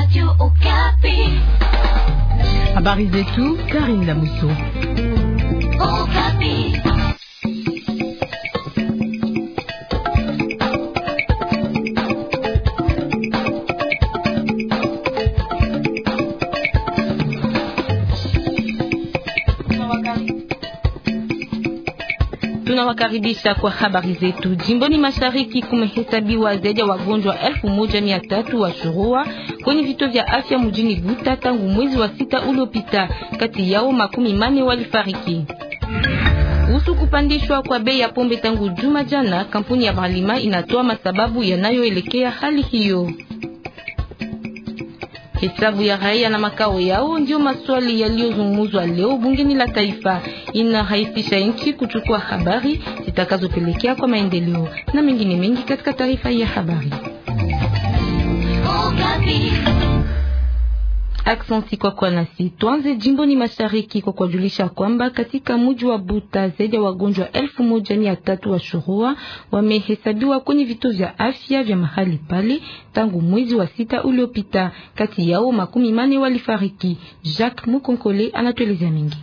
Radio Habari zetu Karim Lamuso. Okapi. Tunawakaribisha kwa habari zetu. Jimboni Mashariki kumehesabiwa zaidi ya wagonjwa elfu moja mia tatu wa shurua kwenye vituo vya afya mjini Buta tangu mwezi wa sita uliopita. Kati yao makumi mane walifariki. Kuhusu kupandishwa kwa bei ya pombe tangu juma jana, kampuni ya Bralima inatoa masababu yanayoelekea hali hiyo. Hesabu ya raia na makao yao ndio maswali yaliyozungumzwa leo bungeni la taifa. Inarahisisha nchi kuchukua habari zitakazopelekea kwa maendeleo na mengine mengi katika taarifa ya habari. Aksanti kwa kwa nasi. Tuanze jimboni mashariki kwa kujulisha kwamba katika mji wa Buta zaidi ya wagonjwa elfu moja mia tatu wa shurua wamehesabiwa kwenye vituo vya afya vya mahali pale tangu mwezi wa sita uliopita. Kati yao makumi mane walifariki. Jacques Mukonkole anatueleza mengi.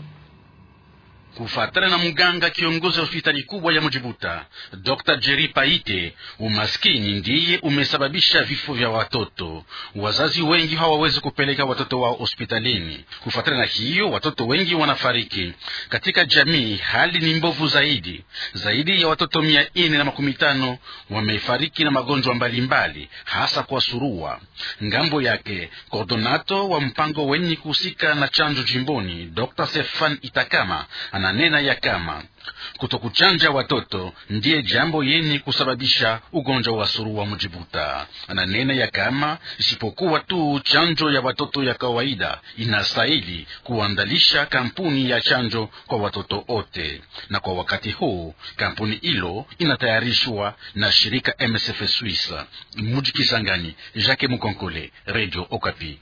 Kufatana na mganga kiongozi wa hospitali kubwa ya Mujibuta, Dr Jerry Paite, umaskini ndiye umesababisha vifo vya watoto. Wazazi wengi hawawezi kupeleka watoto wao hospitalini. Kufatana na hiyo, watoto wengi wanafariki katika jamii. Hali ni mbovu zaidi. Zaidi ya watoto mia nne na makumi tano wamefariki na magonjwa mbalimbali, hasa kwa surua. Ngambo yake kordonato wa mpango wenye kuhusika na chanjo jimboni, Dr Stefan Itakama ananena ya kama kutokuchanja watoto ndiye jambo yenye kusababisha ugonjwa wa surua mujibuta. Ananena ya kama isipokuwa tu chanjo ya watoto ya kawaida inastahili kuandalisha kampuni ya chanjo kwa watoto wote, na kwa wakati huu kampuni hilo inatayarishwa na shirika MSF Swiss. Muji Kisangani, Jacques Mukonkole, Radio Okapi.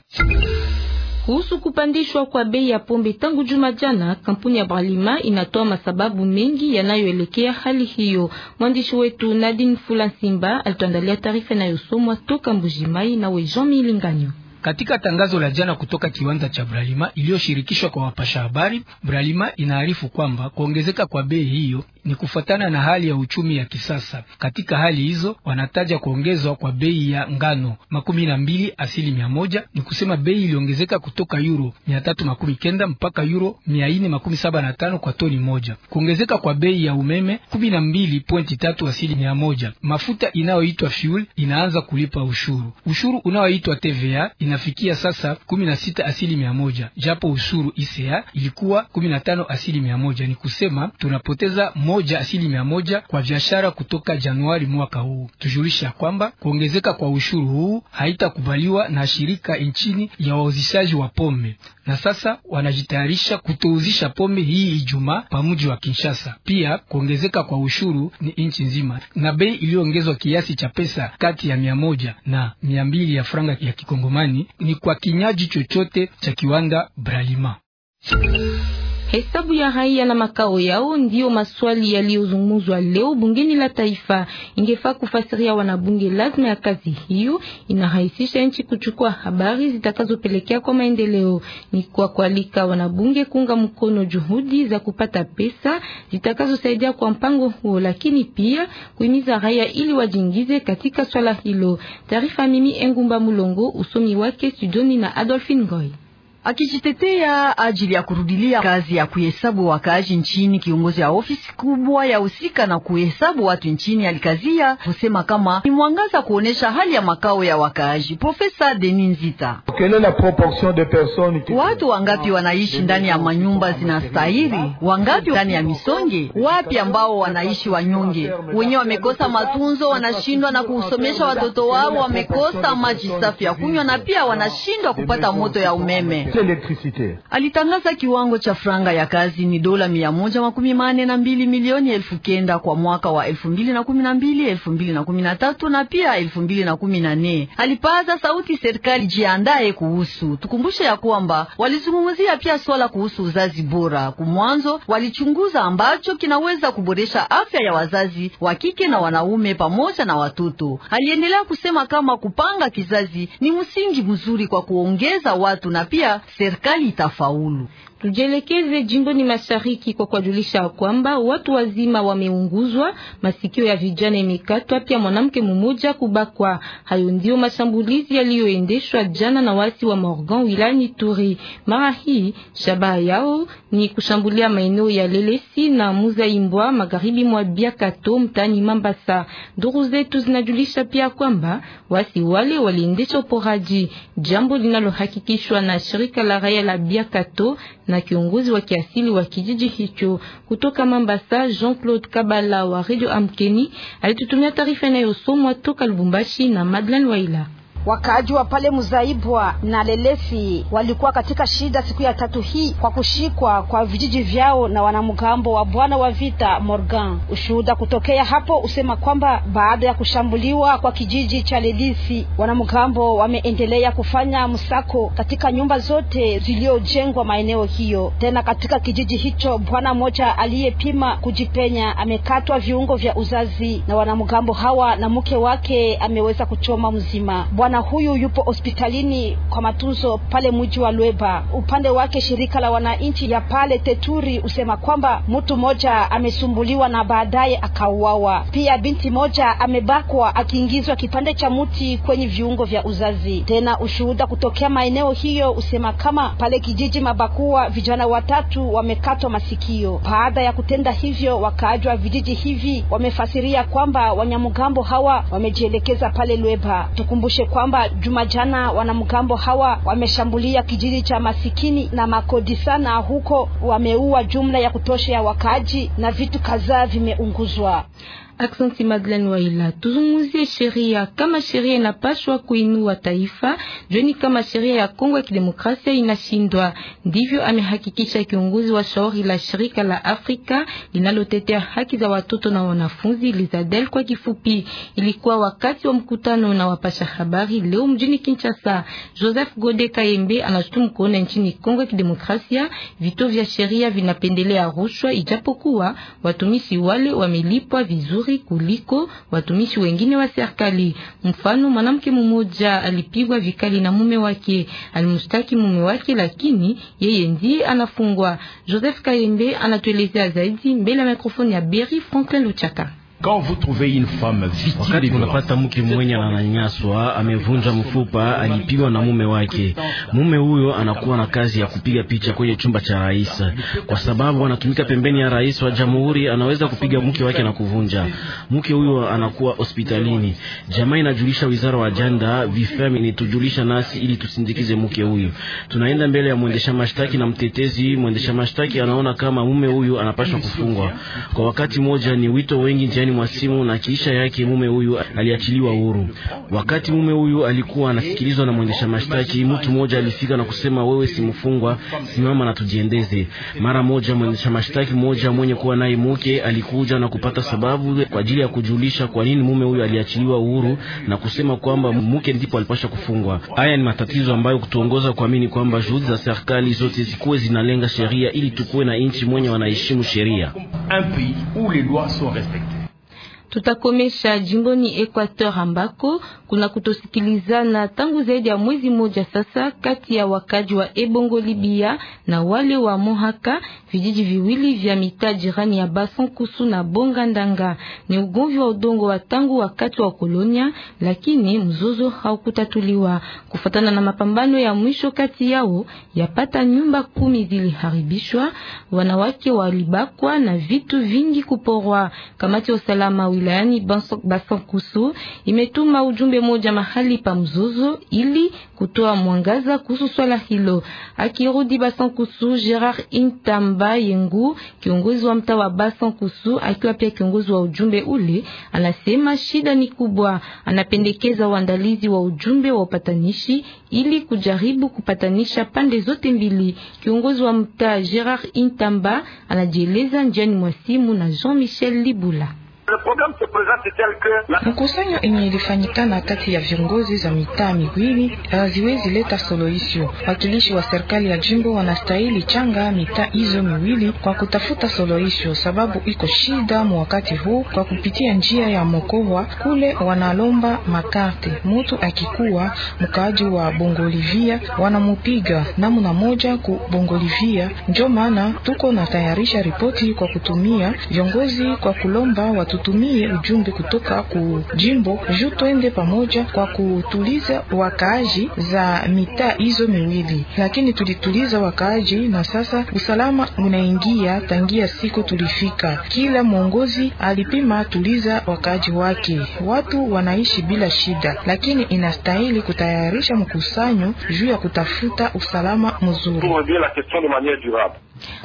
Kuhusu kupandishwa kwa bei ya pombe tangu juma jana, kampuni ya Bralima inatoa masababu mengi yanayoelekea hali hiyo. Mwandishi wetu Nadine Fulansimba alituandalia taarifa inayosomwa toka Mbujimai na Wejean Milinganyo. Katika tangazo la jana kutoka kiwanda cha Bralima iliyoshirikishwa kwa wapasha habari, Bralima inaarifu kwamba kuongezeka kwa bei hiyo ni kufuatana na hali ya uchumi ya kisasa. Katika hali hizo, wanataja kuongezwa kwa bei ya ngano makumi na mbili asili mia moja, ni kusema bei iliongezeka kutoka euro mia tatu makumi kenda mpaka euro mia nne makumi saba na tano kwa toni moja. Kuongezeka kwa bei ya umeme kumi na mbili pointi tatu asili mia moja. Mafuta inayoitwa fuel inaanza kulipa ushuru, ushuru unaoitwa TVA ina inafikia sasa kumi na sita asili mia moja japo ushuru isea ilikuwa kumi na tano asili mia moja Ni kusema tunapoteza moja asili mia moja kwa biashara kutoka Januari mwaka huu. Tujulisha kwamba kuongezeka kwa ushuru huu haitakubaliwa na shirika nchini ya wauzishaji wa pombe, na sasa wanajitayarisha kutouzisha pombe hii Ijumaa pamuji wa Kinshasa. Pia kuongezeka kwa ushuru ni nchi nzima, na bei iliyoongezwa kiasi cha pesa kati ya mia moja na mia mbili ya franga ya kikongomani ni kwa kinyaji chochote cha kiwanda Bralima. Hesabu ya raia na makao yao ndio maswali yaliyozungumzwa leo bungeni la taifa. Ingefaa kufasiria wanabunge lazima ya kazi hiyo inarahisisha nchi kuchukua habari zitakazopelekea kwa maendeleo. Ni kwa kualika wanabunge kuunga mkono juhudi za kupata pesa zitakazosaidia kwa mpango huo, lakini pia kuhimiza raia ili wajiingize katika swala hilo. Taarifa mimi Engumba Mulongo, usomi wake studioni na Adolphine Goy. Akijitetea ajili ya kurudilia kazi ya kuhesabu wakaaji nchini, kiongozi wa ofisi kubwa ya husika na kuhesabu watu nchini alikazia kusema kama ni mwangaza kuonesha hali ya makao ya wakaaji. Profesa Denis Nzita, watu wangapi wanaishi ndani ya manyumba zinastahili, wangapi ndani ya misonge, wapi ambao wanaishi wanyonge, wenye wamekosa matunzo, wanashindwa na kusomesha watoto wao, wamekosa maji safi ya kunywa na pia wanashindwa kupata moto ya umeme. Alitangaza kiwango cha franga ya kazi ni dola mia moja makumi mane na mbili milioni elfu kenda kwa mwaka wa elfu mbili na kumi na mbili elfu mbili na kumi na tatu na pia elfu mbili na kumi na nne Alipaza sauti serikali jiandaye kuhusu. Tukumbushe ya kwamba walizungumzia pia swala kuhusu uzazi bora. Kumwanzo walichunguza ambacho kinaweza kuboresha afya ya wazazi wa kike na wanaume pamoja na watoto. Aliendelea kusema kama kupanga kizazi ni msingi mzuri kwa kuongeza watu na pia serikali itafaulu. Tujielekeze jimboni mashariki kwa kuwajulisha kwamba watu wazima wameunguzwa, masikio ya vijana imekatwa, pia mwanamke mmoja kubakwa. Hayo ndio mashambulizi yaliyoendeshwa jana na wasi wa Morgan wilayani Turi. Mara hii shabaha yao ni kushambulia maeneo ya Lelesi na Muzaimbwa magharibi mwa Biakato mtani Mambasa. Ndugu zetu zinajulisha pia kwamba wasi wale waliendesha uporaji, jambo linalohakikishwa na shirika la raia la Biakato na kiongozi wa kiasili wa kijiji hicho. Kutoka Mambasa, Jean-Claude Kabala wa Radio Amkeni alitutumia taarifa inayosomwa toka Lubumbashi na Madeleine Waila. Wakaaji wa pale Muzaibwa na Lelesi walikuwa katika shida siku ya tatu hii kwa kushikwa kwa vijiji vyao na wanamgambo wa bwana wa vita Morgan. Ushuhuda kutokea hapo usema kwamba baada ya kushambuliwa kwa kijiji cha Lelefi, wanamgambo wameendelea kufanya msako katika nyumba zote zilizojengwa maeneo hiyo. Tena katika kijiji hicho, bwana mmoja aliyepima kujipenya amekatwa viungo vya uzazi na wanamgambo hawa na mke wake ameweza kuchoma mzima bwana Bwana huyu yupo hospitalini kwa matunzo pale mji wa Lweba. Upande wake shirika la wananchi ya pale Teturi husema kwamba mtu mmoja amesumbuliwa na baadaye akauawa. Pia binti moja amebakwa akiingizwa kipande cha mti kwenye viungo vya uzazi. Tena ushuhuda kutokea maeneo hiyo husema kama pale kijiji Mabakua vijana watatu wamekatwa masikio. Baada ya kutenda hivyo, wakaaji wa vijiji hivi wamefasiria kwamba wanyamgambo hawa wamejielekeza pale Lweba. Tukumbushe kwa kwamba jumajana wanamgambo hawa wameshambulia kijiji cha masikini na makodi sana huko, wameua jumla ya kutosha ya wakaaji na vitu kadhaa vimeunguzwa. Aksanti Madeleine Waila. Tuzungumzie sheria kama sheria inapaswa kuinua taifa, jueni kama sheria ya Kongo ya Kidemokrasia inashindwa. Ndivyo amehakikisha kiongozi wa shauri la shirika la Afrika linalotetea haki za watoto na wanafunzi Lizadel kwa kifupi. Ilikuwa wakati wa mkutano na wapasha habari leo mjini Kinshasa. Joseph Gode Kayembe anashutumu kuona nchini Kongo ya Kidemokrasia vituo vya sheria vinapendelea rushwa, ijapokuwa watumishi wale wamelipwa vizuri hatari kuliko watumishi wengine wa serikali. Mfano, mwanamke mmoja alipigwa vikali na mume wake, alimshtaki mume wake, lakini yeye ndiye anafungwa. Joseph Kayembe anatuelezea zaidi mbele ya mikrofoni ya Berry Franklin Luchaka. Wakati unapata mke mwenye ananyanyaswa, amevunja mfupa, alipigwa na mume wake. Mume huyo anakuwa na kazi ya kupiga picha kwenye chumba cha rais, kwa sababu anatumika pembeni ya rais wa jamhuri. Anaweza kupiga mke wake na kuvunja mke huyo, anakuwa hospitalini. Jamaa inajulisha wizara wa janda vifemi, nasi ili tusindikize mke huyo. Tunaenda mbele ya mwendesha mashtaki na mtetezi. Mwendesha mashtaki anaona kama mume kufungwa kwa wakati mmoja. Ni wito wengi njiani mikononi mwa simu, na kiisha yake mume huyu aliachiliwa huru. Wakati mume huyu alikuwa anasikilizwa na mwendesha mashtaki, mtu mmoja alifika na kusema, wewe si mfungwa, simama na tujiendeze. Mara moja mwendesha mashtaki mmoja mwenye kuwa naye mke alikuja na kupata sababu kwa ajili ya kujulisha kwa nini mume huyu aliachiliwa uhuru na kusema kwamba mke ndipo alipasha kufungwa. Haya ni matatizo ambayo kutuongoza kuamini kwamba juhudi za serikali zote zikuwe zinalenga sheria ili tukuwe na nchi mwenye wanaheshimu sheria. Tutakomesha jimboni Equateur ambako kuna kutosikilizana tangu zaidi ya mwezi mmoja sasa kati ya wakaji wa Ebongo Libia na wale wa Mohaka vijiji viwili vya mitaa jirani ya Basan Kusu na Bonga Ndanga. Ni ugomvi wa udongo wa tangu wakati wa kolonia, lakini mzozo haukutatuliwa. Kufuatana na mapambano ya mwisho kati yao, yapata nyumba kumi ziliharibishwa, wanawake walibakwa na vitu vingi kuporwa. Kamati ya usalama wilayani Basan Kusu imetuma ujumbe moja mahali pa mzozo ili kutoa mwangaza kuhusu swala hilo. Akirudi Basan Kusu, Gerard Intamba yengu kiongozi wa mtaa wa Basan Kusu, akiwa pia kiongozi wa ujumbe ule, anasema shida ni kubwa. Anapendekeza uandalizi wa ujumbe wa upatanishi ili kujaribu kupatanisha pande zote mbili. Kiongozi wa mtaa Gerard Intamba anajieleza njiani mwa simu na Jean Michel Libula. Mkusanyo enye ilifanyikana kati ya viongozi za mitaa miwili haziwezi leta suluhisho. Wakilishi wa serikali ya jimbo wanastahili changa mitaa hizo miwili kwa kutafuta soloisho sababu iko shida wakati huu kwa kupitia njia ya Mokowa kule wanalomba makarte. Mutu akikuwa mkaaji wa Bongolivia wanamupiga namna moja ku Bongolivia. Ndio maana tuko natayarisha ripoti kwa kutumia viongozi kwa kulomba watu tutumie ujumbe kutoka ku jimbo ju twende pamoja kwa kutuliza wakaaji za mitaa hizo miwili, lakini tulituliza wakaaji na sasa usalama unaingia tangia siku tulifika. Kila mwongozi alipima tuliza wakaaji wake, watu wanaishi bila shida, lakini inastahili kutayarisha mkusanyo juu ya kutafuta usalama mzuri.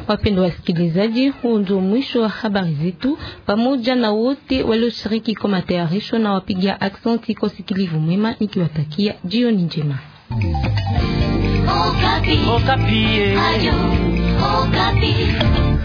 Wapendwa wasikilizaji, huu ndio mwisho wa habari zetu, pamoja na wote walioshiriki kwa matayarisho na wapiga aksenti kwa sikilivu mwema, nikiwatakia jioni njema. Okapi. Okapi. Ayo, Okapi.